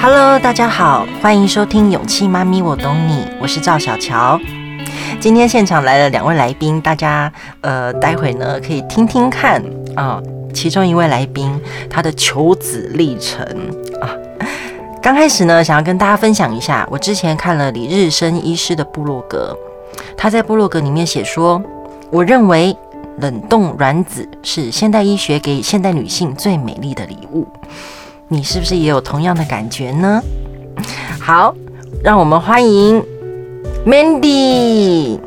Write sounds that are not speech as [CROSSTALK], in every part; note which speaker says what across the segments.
Speaker 1: Hello，大家好，歡迎收聽《勇氣媽咪，我懂你》，我是趙小喬。今天現場來了兩位來賓，大家呃，待會呢可以聽聽看啊、哦，其中一位來賓他的求子歷程啊、哦。剛開始呢，想要跟大家分享一下，我之前看了李日升醫師的部落格，他在部落格裡面寫說，我認為冷凍卵子是現代醫學給現代女性最美麗的禮物。你是不是也有同樣的感覺呢？好，讓我們歡迎 Mandy。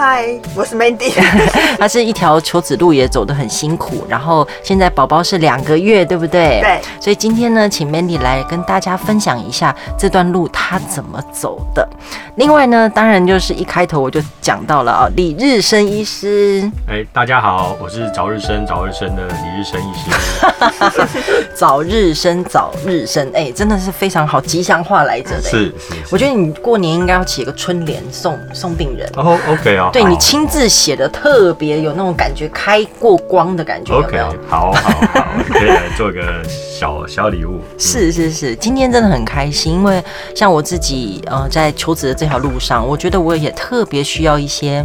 Speaker 2: 嗨，Hi, 我是 Mandy。
Speaker 1: [LAUGHS] [LAUGHS] 他是一條求子路，也走得很辛苦。然後現在寶寶是兩個月，對不對？對。所以今天呢，請 Mandy 來跟大家分享一下這段路他怎麼走的。另外呢，當然就是一開頭我就講到了啊，李日升醫師。哎，大家好，我是早日升早日升的李日升醫師 [LAUGHS] [LAUGHS] 早。早日升早日升，哎，真的是非常好吉祥話來着的。是，是，是。我覺得你過年應該要起個春聯送送病人。哦、oh, OK 啊。對你親自寫的，特別有那種感覺，開過光的感覺。OK，好，好，好，好，可以來做一個小小禮物。嗯，是是是，今天真的很開心，因為像我自己，呃，在求子的這條路上，我覺得我也特別需要一些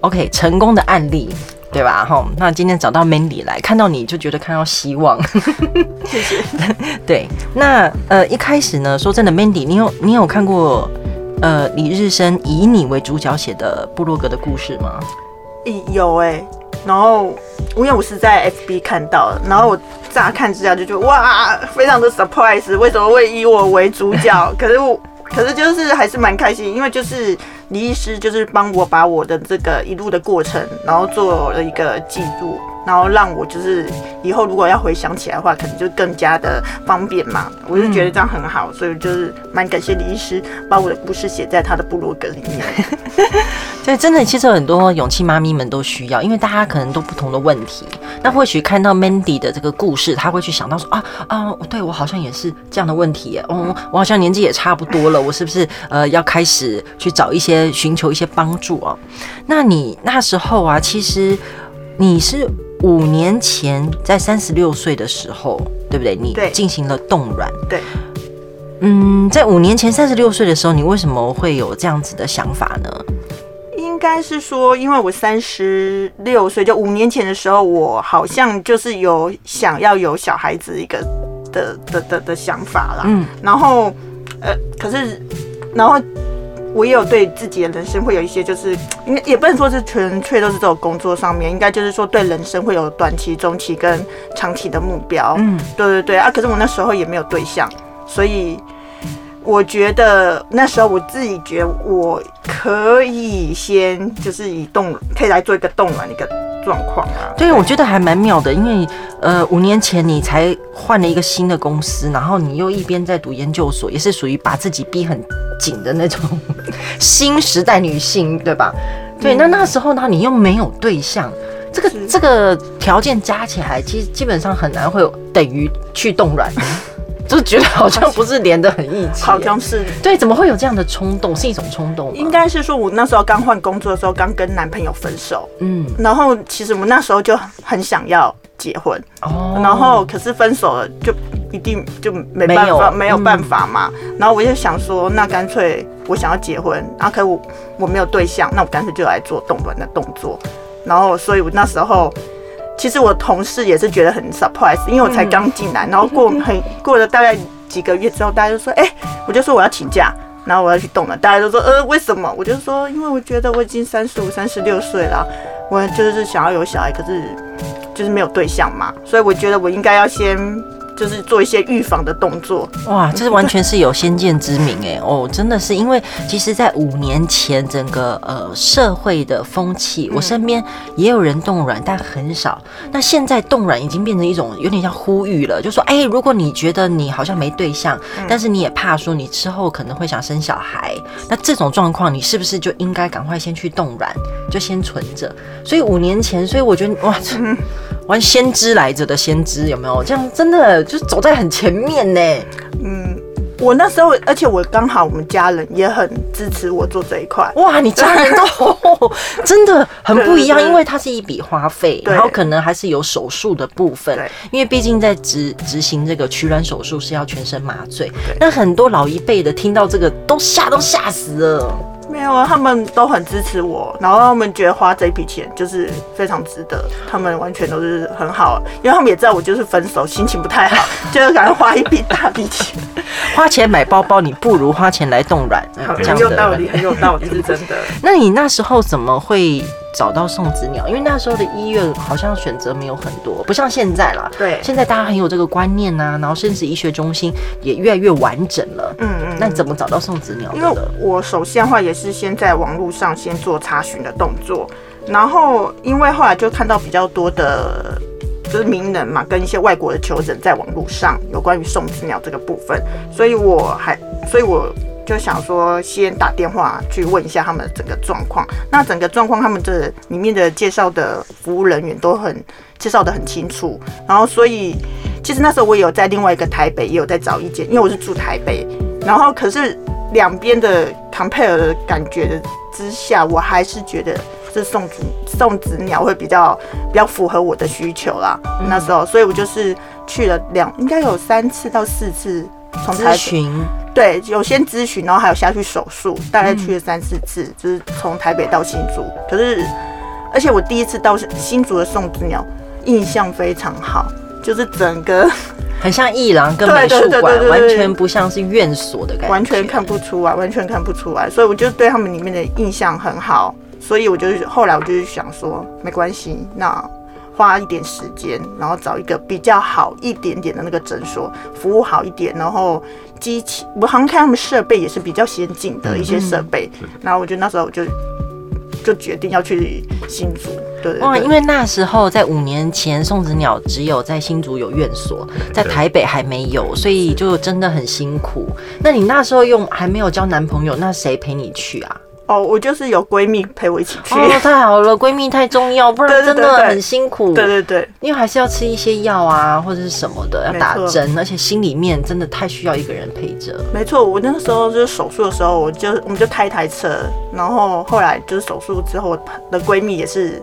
Speaker 1: OK 成功的案例，對吧？哈，嗯，那今天找到 Mandy 來，看到你就覺得看到希望。謝謝 [LAUGHS] 對，那呃，一開始呢，說真的，Mandy，你有你有看過？呃，李日升以你為主角寫的部落格的故事嗎？
Speaker 2: 有哎、欸，然後因為我是在 FB 看到的，然後我乍看之下就覺得哇，非常的 surprise，為什麼會以我為主角？ [LAUGHS] 可是我，可是就是還是蠻開心，因為就是李醫師就是幫我把我的這個一路的過程，然後做了一個記錄。然後讓我就是以後如果要回想起來的話，可能就更加的方便嘛。我就覺得這樣很好，嗯、所以就是蠻感謝李醫師把我的故事寫在他的部落格裡面。
Speaker 1: 所以真的，其實很多勇氣媽咪們都需要，因為大家可能都不同的問題。那或許看到 Mandy 的這個故事，他會去想到說啊啊，對我好像也是這樣的問題。嗯、哦，我好像年紀也差不多了，我是不是呃要開始去找一些尋求一些幫助啊、哦？那你那時候啊，其實你是。五年前，在三十六歲的時候，對不對？你進行了凍卵。對，嗯，在五年前三十六歲的時候，你為什麼會有這樣子的想法呢？
Speaker 2: 應該是說，因為我三十六歲，就五年前的時候，我好像就是有想要有小孩子一個的的的，的，的想法啦。嗯，然後，呃，可是，然後。我也有對自己的人生會有一些，就是應該也不能說是純粹都是這種工作上面，應該就是說對人生會有短期、中期跟長期的目標。嗯，對對對啊！可是我那時候也沒有對象，所以我覺得那時候我自己覺得我可以先就是以凍可以來做一個凍卵的一個狀況啊。對，
Speaker 1: 對，我覺得還蠻妙的，因為呃五年前你才換了一個新的公司，然後你又一邊在讀研究所，也是屬於把自己逼很。緊的那種新時代女性，對吧？對，那那時候呢，你又沒有對象，這個這個條件加起來，其實基本上很難會有等於去凍卵，就覺得好像不是連的很一起，好像是對，怎麼會有這樣的衝動？是一種衝動嗎？
Speaker 2: 應該是說，我那時候剛換工作的時候，剛跟男朋友分手，嗯，然後其實我們那時候就很很想要結婚哦，然後可是分手了就。一定就沒辦法，沒有辦法嘛。然後我就想說，那乾脆我想要結婚，然後可我我沒有對象，那我乾脆就來做凍卵的動作。然後，所以我那時候其實我同事也是覺得很 surprise，因為我才剛進來。然後過很過了大概幾個月之後，大家就說：“哎，我就說我要請假，然後我要去凍卵。”大家都說：“呃，為什麼？”我就說：“因為我覺得我已經三十五、三十六歲了，我就是想要有小孩，可是就是沒有對象嘛，所以我覺得我應該要先。”就是做一些預防的動作。
Speaker 1: 哇，這是完全是有先見之明哎、欸、 [LAUGHS] 哦，真的是因為其實，在五年前整個呃社會的風氣，嗯、我身邊也有人凍卵，但很少。那現在凍卵已經變成一種有點像呼籲了，就說誒、欸，如果你覺得你好像沒對象，嗯、但是你也怕說你之後可能會想生小孩，那這種狀況你是不是就應該趕快先去凍卵，就先存着？所以五年前，所以我覺得哇，嗯玩，先知來着的先知有沒有？這樣真的就是走在很前面呢、欸。嗯，我那時候，而且我剛好我們家人也很
Speaker 2: 支持我做這一塊。哇，你家人都 [LAUGHS] 呵呵
Speaker 1: 真的很不一樣，對對對，因為它是一筆花費，對對對，然後可能還是有手術的部分，對因為畢竟在執執行這個取卵手術是要全身麻醉。那對很多老一輩的聽到這個都嚇都嚇死了。
Speaker 2: 沒有啊，他們都很支持我，然後他們覺得花這筆錢就是非常值得，他們完全都是很好，因為他們也知道我就是分手心情不太好， [LAUGHS]
Speaker 1: 就是感覺花一筆大筆錢，花錢買包包，你不如花錢來凍卵，好很有道理，很有道理，是真的。 [LAUGHS] 那你那時候怎麼會？找到送子鳥，因為那時候的醫院好像選擇沒有很多，不像現在了。對，現在大家很有這個觀念吶、啊，然後生殖醫學中心也越來越完整了。嗯嗯，那你怎麼找到送子鳥呢？因為
Speaker 2: 我首先的話也是先在網絡上先做查詢的動作，然後因為後來就看到比較多的，就是名人嘛，跟一些外國的求診在網絡上有關於送子鳥這個部分，所以我還，所以我。就想說先打電話去問一下他們整個狀況，那整個狀況他們這裡面的介紹的服務人員都很介紹得很清楚，然後所以其實那時候我有在另外一個台北也有在找一間，因為我是住台北，然後可是兩邊的 compare 的感覺的之下，我還是覺得這送子送子鳥會比較比較符合我的需求啦。嗯、那時候所以我就是去了兩應該有三次到四次。諮詢，從台北，對，有先諮詢，然後還有下去手術，大概去了三四次，嗯、就是從台北到新竹。可是，而且我第一次到新竹的送子鳥，印象非常好，
Speaker 1: 就是整個很像藝廊跟美術館，完全不像是院所的
Speaker 2: 感覺，完全看不出來，完全看不出來。所以我就對他們裡面的印象很好，所以我就後來我就想說，沒關係，那，花一點時間，然後找一個比較好一點點的那個診所，服務好一點，然後機器我好像看他們設備也是比較先進的一些設備。嗯、然後我就那時候就就決定要去新竹。對，對，對，哇，因
Speaker 1: 為那時候在五年前，送子鳥只有在新竹有院所，在台北還沒有，所以就真的很辛苦。那你那時候用還沒有交男朋友，那誰陪你去啊？哦，
Speaker 2: 我就是有閨蜜陪我一起
Speaker 1: 去。哦，太好了，閨蜜太重要，不然對對對對，真的很辛苦。對，對對對，因為還是要吃一些藥啊，或者是什麼的，要打針，沒錯，而且心裡面真的太需要一個人陪着。
Speaker 2: 沒錯，我那個時候就是手術的時候，我就我們就開一台車，然後後來就是手術之後的閨蜜也是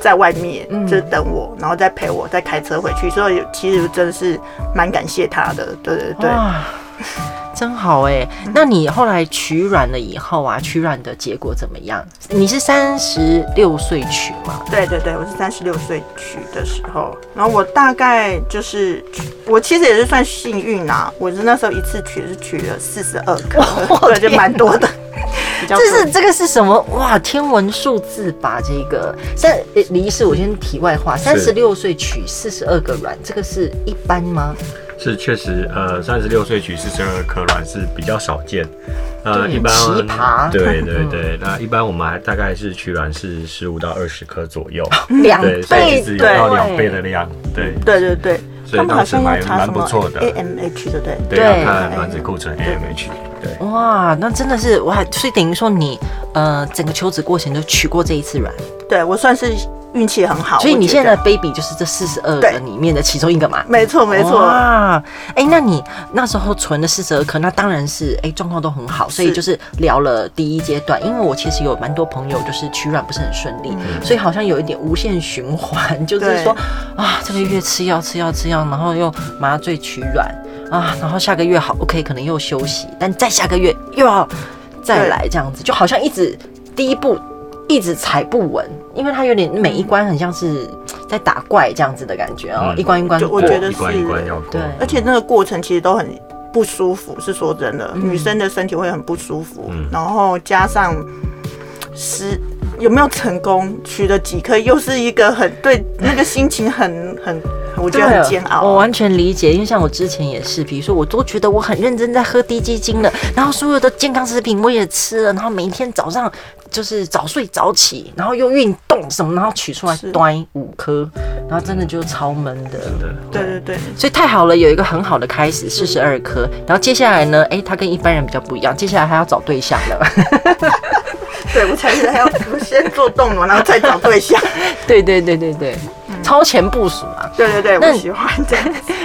Speaker 2: 在外面、嗯、就是等我，然後再陪我再開車回去，所以其實真的是蠻感
Speaker 1: 謝她的。對對對。真好哎，欸，那你後來取卵了以後啊，取卵的結果怎麼樣？你是三十六歲取嗎？
Speaker 2: 對對對，我是三十六歲取的時候，然後我大概就是，我其實也是
Speaker 1: 算幸運啊，我是那時候一次取是取了四十二個，哦、我覺、啊、就蠻多的。 [LAUGHS] 重這是這個是什麼？哇，天文數字吧！這個，所以、欸、李醫師，我先題外話，三十六歲取四十二個卵，這個是一般嗎？
Speaker 2: 是確實，呃，三十六歲取四十二顆卵是比較少見，呃，一般，對對對，
Speaker 1: 那一般我們還大概是取卵是十五到二十顆左右，兩倍，對，到兩倍的量，對對對對，所以當時蠻蠻不錯的 AMH，對對對，要看卵
Speaker 2: 子庫存 AMH，對，
Speaker 1: 哇，那真的是哇，所以等於說你呃整個求子過程都取過這一次卵，對我算是。運氣很好，所以你現在的 baby 就是這四十二個裡面的其中一個嘛？沒錯，沒錯。哇，哎、欸，那你那時候存了四十二顆，那當然是哎狀況都很好，是所以就是聊了第一階段。因為我其實有蠻多朋友就是取卵不是很順利，嗯嗯嗯，所以好像有一點無限循環，對就是說啊，這個月吃藥吃藥吃藥，然後又麻醉取卵啊，然後下個月好 OK 可能又休息，但再下個月又要再來這樣子，對就好像一直第一步一直踩不穩。因為它有點每一關很像是在打怪這樣子的感覺哦、喔，嗯、一關一關過，就我覺得是一關一關
Speaker 2: 對。而且那個過程其實都很不舒服，是說真的，嗯、女生的身體會很不舒服。嗯、然
Speaker 1: 後加上
Speaker 2: 是有沒有成功取了幾顆，又是一個很對、嗯、那個心情很很，我覺得很煎
Speaker 1: 熬、喔。我完全理解，因為像我之前也是，比如說我都覺得我很認真在喝滴雞精了，然後所有的健康食品我也吃了，然後每一天早上。就是早睡早起，然後又運動什麼，然後取出來端是五顆，然後真的就超悶的,的。對對對，所以太好了，有一個很好的開始，四十二顆。的然後接下來呢，哎、欸，他跟一般人比較不一樣，接下來還要找對象了。
Speaker 2: [LAUGHS] 對，我才是還要先做凍卵，然後再找對象。
Speaker 1: [LAUGHS] 對,對對對對對，超前部署嘛、啊嗯。對對對，我喜歡。那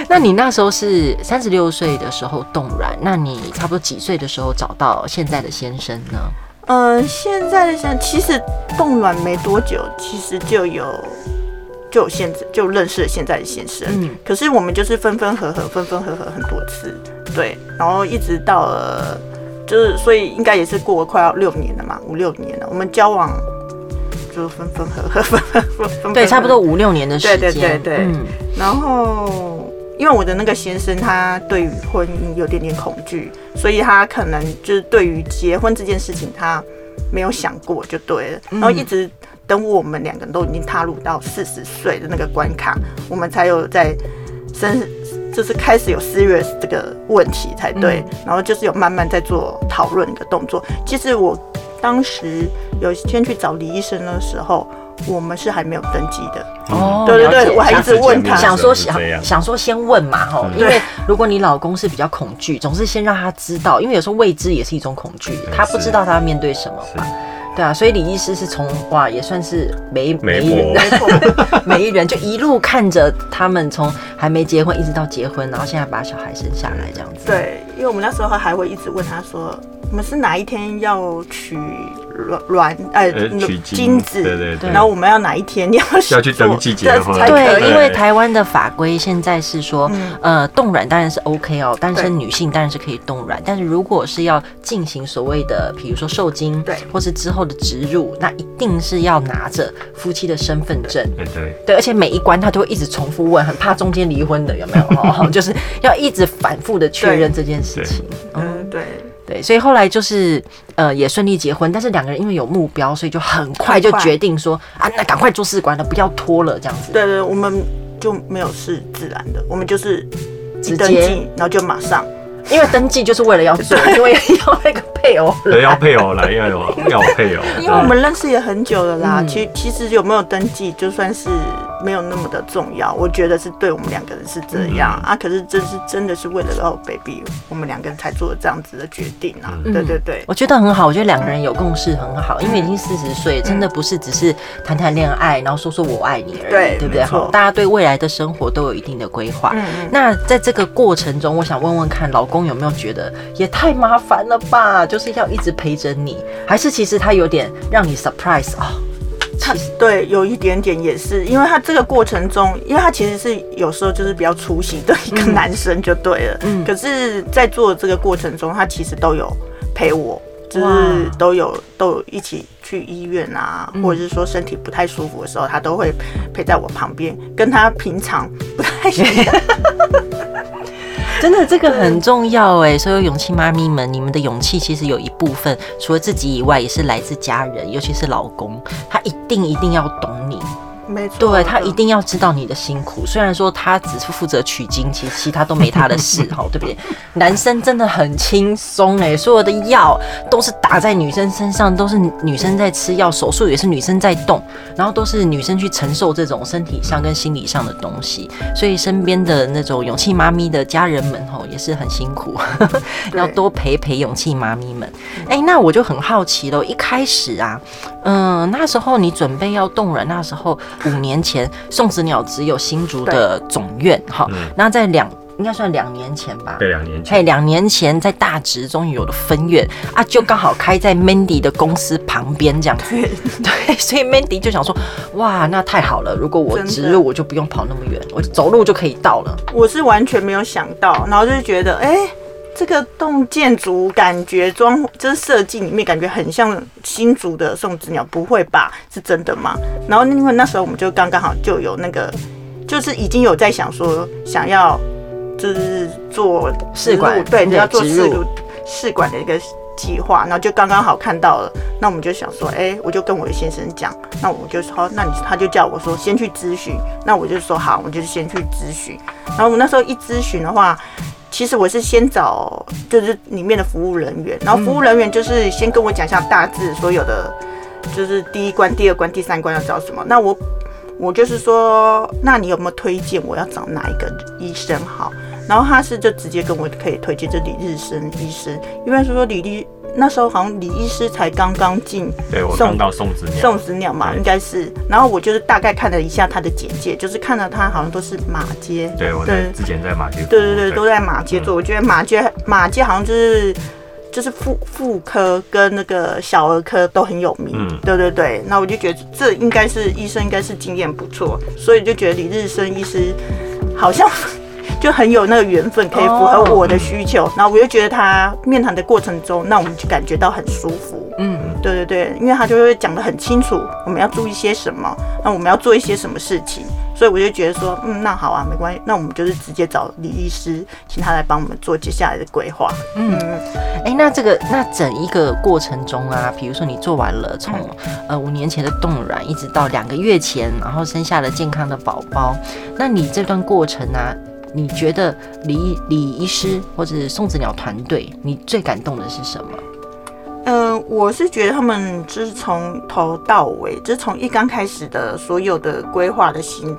Speaker 1: 那你那時候是三十六歲的時候凍卵，那你差不多幾歲的時候找到現在的先生呢？
Speaker 2: 嗯、呃，現在的現在其實凍卵沒多久，其實就有就有現就認識了現在的先生。嗯、可是我們就是分分合合，分分合合很多次，對。然後一直到了就是，所以應該也是過了快要六年了嘛，五六年了。我們交往就分分合合，分分，分，分，
Speaker 1: 分對，差不多五六年的時間。對對對
Speaker 2: 對，嗯、然後。因為我的那個先生，他對於婚姻有點點恐懼，所以他可能就是對於結婚這件事情，他沒有想過就對了。嗯、然後一直等我們兩個人都已經踏入到四十歲的那個關卡，我們才有在生，就是開始有 serious 這個問題才對。嗯、然後就是有慢慢在做討論的動作。其實我當時有一天去找李醫生的時候，我們是還沒有登
Speaker 1: 記的哦，對對對，我還一直問他，想說想想說先問嘛哈，因為如果你老公是比較恐懼，總是先讓他知道，因為有時候未知也是一種恐懼，他不知道他要面對什麼嘛，對啊，所以李醫師是從哇也算是媒、媒人、媒人就一路看着他們從還沒結婚一直到結婚，然後現在把小孩生下來這樣子，對，因
Speaker 2: 為我們那時候還會一直問他說，你們是哪一天要
Speaker 1: 娶？’卵卵呃，精子對對對，然後我們要哪一天要要去
Speaker 2: 登記的話，對，因為台
Speaker 1: 灣的法規現在是說，呃，凍卵當然是 OK 哦，單身女性當然是可以凍卵，但是如果是要進行所謂的，比如說受精，對，或是之後的植入，那一定是要拿着夫妻的身份證，對對對，而且每一關他都會一直重複問，很怕中間離婚的有沒有，就是要一直反覆的確認這件事情，嗯對對，所以後來就是。呃，也順利結婚，但是兩個人因為有目標，所以就很快就決定說快啊，那趕快做試管了，不要拖了，這樣子。
Speaker 2: 對對，我們就沒有是自然的，我們就是直接，然後就馬上，因為登記就是為了要做， [LAUGHS] 對 因為要那個。 [LAUGHS] 配偶，
Speaker 1: 對要配偶來，要要配偶，因為我們
Speaker 2: 認識也很久了啦。嗯、其其實有沒有登記，就算是沒有那麼的重要。我覺得是對我們兩個人是這樣、嗯、啊。可是這是真的是為了讓我 baby，我們兩個人才做了這樣子的決定啊。嗯、對對對，我
Speaker 1: 覺得很好。我覺得兩個人有共識很好，嗯、因為已經四十歲，真的不是只是談談戀愛，然後說說我愛你而已，對,對不對好？沒錯 大家對未來的生活都有一定的規劃。嗯、那在這個過程中，我想問問看，老公有沒有覺得也太麻煩了吧？就是要一直陪着你，還是其實他有點讓你 surprise 哦？
Speaker 2: 其實他對，有一點點也是，因為他這個過程中，因為他其實是有時候就是比較粗心的一個男生就對了。嗯嗯、可是在做這個過程中，他其實都有陪我，就是都有哇都有一起去醫院啊，或者是說身體不太舒服的時候，嗯、他都會陪在我旁邊，跟他平常不太 [LAUGHS]
Speaker 1: 真的，這個很重要哎！對所有勇氣媽咪們，你們的勇氣其實有一部分，除了自己以外，也是來自家人，尤其是老公，他一定一定要懂你。對，他一定要知道你的辛苦，嗯、雖然說他只是負責取精，其實其他都沒他的事，哈， [LAUGHS] 對不對？男生真的很輕鬆哎，所有的藥都是打在女生身上，都是女生在吃藥，手術也是女生在動，然後都是女生去承受這種身體上跟心理上的東西，所以身邊的那種勇氣媽咪的家人們，吼，也是很辛苦， [LAUGHS] 對要多陪陪勇氣媽咪們。哎、欸，那我就很好奇嘍，一開始啊。嗯，那時候你準備要凍卵，那時候五年前，送子鳥只有新竹的總院哈對，那在兩應該算兩年前吧，對，兩年前，哎，兩年前在大直終於有了分院啊，就剛好開在 Mandy 的公司旁邊這樣子，對，對，所以 Mandy 就想說，哇，那太好了，如果我植入我就不用跑那麼遠，我走路就可以到了。
Speaker 2: 我是完全沒有想到，然後就是覺得，哎、欸。這個棟建築感覺裝這設計裡面感覺很像新竹的送子鳥，不會吧？是真的嗎？然後因為那時候我們就剛剛好就有那個，就是已經有在想說想要就是做試管，對你對要做試管的一個計劃，然後就剛剛好看到了，那我們就想說，哎、欸，我就跟我的先生講，那我就說，哦、那你他就叫我說先去諮詢，那我就說好，我們就先去諮詢，然後我們那時候一諮詢的話。其實我是先找，就是裡面的服務人員，然後服務人員就是先跟我講一下大致所有的，就是第一關、第二關、第三關要找什麼。那我我就是說，那你有沒有推薦我要找哪一個醫生好？然後他是就直接跟我可以推薦這裡日升醫生，因為是說李麗。那時候好像李醫師才剛剛進，對我送到送子鳥，送子鳥嘛，對應該是。然後我就是大概看了一下他的簡介，就是看到他好像都是馬偕，對我對之前在馬偕，對對對都在馬偕做。對我覺得馬偕、嗯、馬偕好像就是就是婦婦科跟那個小兒科都很有名。嗯、對對對。那我就覺得這應該是醫生應該是經驗不錯，所以就覺得李日升醫師好像。嗯 [LAUGHS] 就很有那個緣分，可以符合我的需求。嗯、然後我就覺得他面談的過程中，那我們就感覺到很舒服。嗯，對對對，因為他就會講得很清楚，我們要注意些什麼，那我們要做一些什麼事情。所以我就覺得說，嗯，那好啊，沒關係，那我們就是直接找李醫師，請
Speaker 1: 他來幫我們做接下來的規劃。嗯，誒、欸，那這個那整一個過程中啊，比如說你做完了從、嗯、呃五年前的凍卵，一直到兩個月前，然後生下了健康的寶寶，那你這段過程呢、啊？你覺得李李醫師、嗯、或者送子鳥團隊，你最感動的是什麼？呃，
Speaker 2: 我是覺得他們就是從頭到尾，就是從一剛開始的所有的規劃的行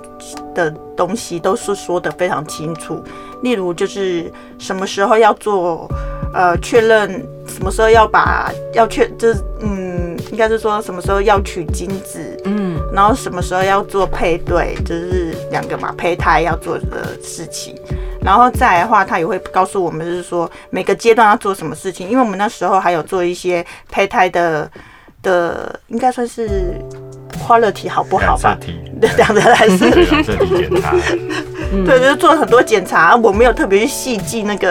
Speaker 2: 的東西，都是說得非常清楚。例如，就是什麼時候要做，呃，確認什麼時候要把要確，就是嗯，應該是說什麼時候要取精子，嗯。然後什麼時候要做配對，就是兩個嘛胚胎要做的事情。然後再來的話，他也會告訴我們，就是說每個階段要做什麼事情。因為我們那時候還有做一些胚胎的的，應該算是 quality，好不好吧？對，兩熱體。兩熱體檢查。對，就是做很多檢查，我沒有特別細記那個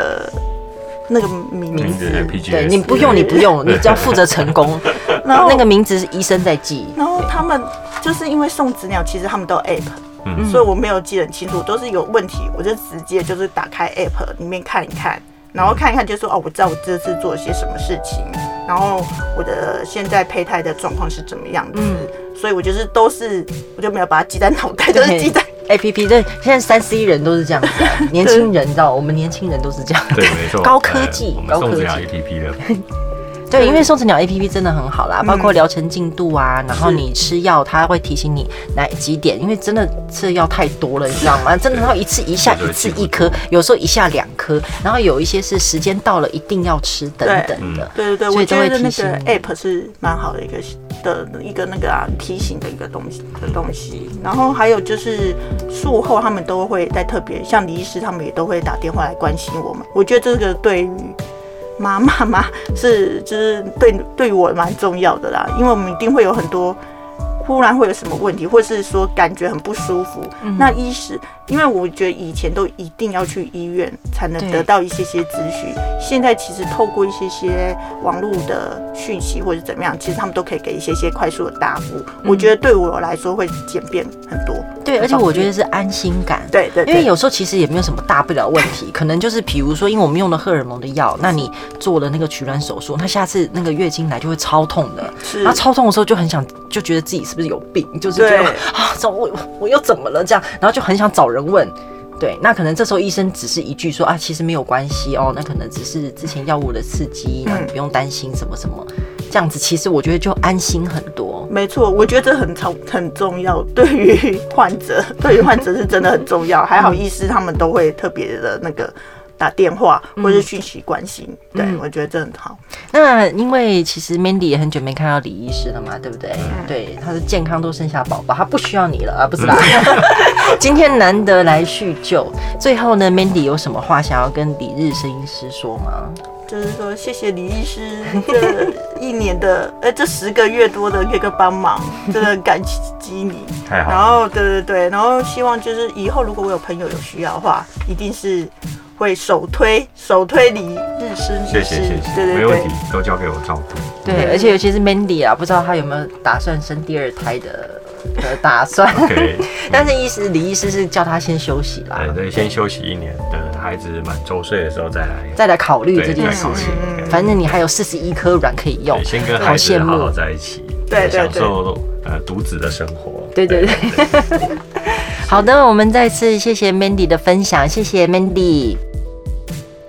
Speaker 2: 那個名字。對，你不用，你不用，你只要負責成
Speaker 1: 功。然後那個名字是醫生在記。
Speaker 2: 然後他們。就是因為送子鳥，其實他們都有 app，、嗯、所以我沒有記得很清楚，都是有問題，我就直接就是打開 app 裡面看一看，然後看一看就說、嗯、哦，我知道我這次做了些什麼事情，然後我的現在胚胎的狀況是怎麼樣子，嗯、所以我就是都是，我就沒有把它記在
Speaker 1: 腦袋，對都是記在 app，對,、欸、對，現在三 C 人,、啊、 [LAUGHS] 對人,人都是這樣子，年輕人，你知道，我們年輕人都是這樣，對，沒錯，高科技，高科技、欸、我們送子鳥
Speaker 2: ，app 的。 [LAUGHS]
Speaker 1: 對，因為送子鳥 A P P 真的很好啦，包括療程進度啊，嗯、然後你吃藥，他會提醒你來幾點，是因為真的吃藥太多了，是你知道嗎？真的，然後一次一下一次一顆，對對對，有時候一下兩顆，然後有一些是時間到了一定要吃等等的。嗯、對對對，所以都會提醒你，我覺得那個 App
Speaker 2: 是蠻好的一個的一個那個啊提醒的一個東西的東西。然後還有就是術後他們都會在特別，像李醫師他們也都會打電話來關心我們。我覺得這個對於。媽媽媽是，就是對對我蠻重要的啦，因為我們一定會有很多忽然會有什麼問題，或是說感覺很不舒服，嗯哼，那一是。因為我覺得以前都一定要去醫院才能得到一些些資訊對，現在其實透過一些些網絡的訊息或
Speaker 1: 者怎麼樣，其實他們都可以給一些些快速的答復。嗯、我覺得對我來說會簡便很多。對，而且我覺得是安心感。對對，對對，因為有時候其實也沒有什麼大不了問題，對可能就是比如說，因為我們用了荷爾蒙的藥，那你做了那個取卵手術，那下次那個月經來就會超痛的。是。那超痛的時候就很想，就覺得自己是不是有病，就是覺得對啊，怎麼我我又怎麼了這樣，然後就很想找。有人問，對，那可能這時候醫生只是一句說啊，其實沒有關係哦，那可能只是之前藥物的刺激，那你不用擔心什麼什麼，嗯、這樣子其實我覺得就安心很多。
Speaker 2: 沒錯，我覺得這很重很重要，對於患者，對於患者是真的很重要。 [LAUGHS] 還好醫師，他們都會特別的那個。打電話或是訊息關心，嗯、對、嗯、我覺得這很好。
Speaker 1: 那因為其實 Mandy 也很久沒看到李醫師了嘛，對不對？嗯、對，他的健康都生下寶寶，他不需要你了啊，不是啦。嗯、 [LAUGHS] 今天難得來敘舊，最後呢，Mandy 有什麼話想要跟李日升醫師說嗎？就
Speaker 2: 是說謝謝李醫師這一年的， [LAUGHS] 呃，這十個月多的這個幫忙，真的感激你。太好然後，對對對，然後希望就是以後如果我有朋友有需要的話，一定是。會首
Speaker 1: 推首推李日升醫師，謝謝謝謝。沒問題，
Speaker 2: 都交給我照顧。
Speaker 1: 對，而且尤其是 Mandy 啊，不知道她有沒有打算生第二胎的的打算？對，但是意思李醫師是叫她先休息啦，對，先休息一年，等孩子滿週歲的時候再來再來考慮這件事情。反正你還有四十一顆卵可以用，先跟孩子好羨慕，好好
Speaker 2: 在一起，對，享受呃獨子的生活。對
Speaker 1: 對對，好的，我們再次謝謝 Mandy 的分享，謝謝 Mandy。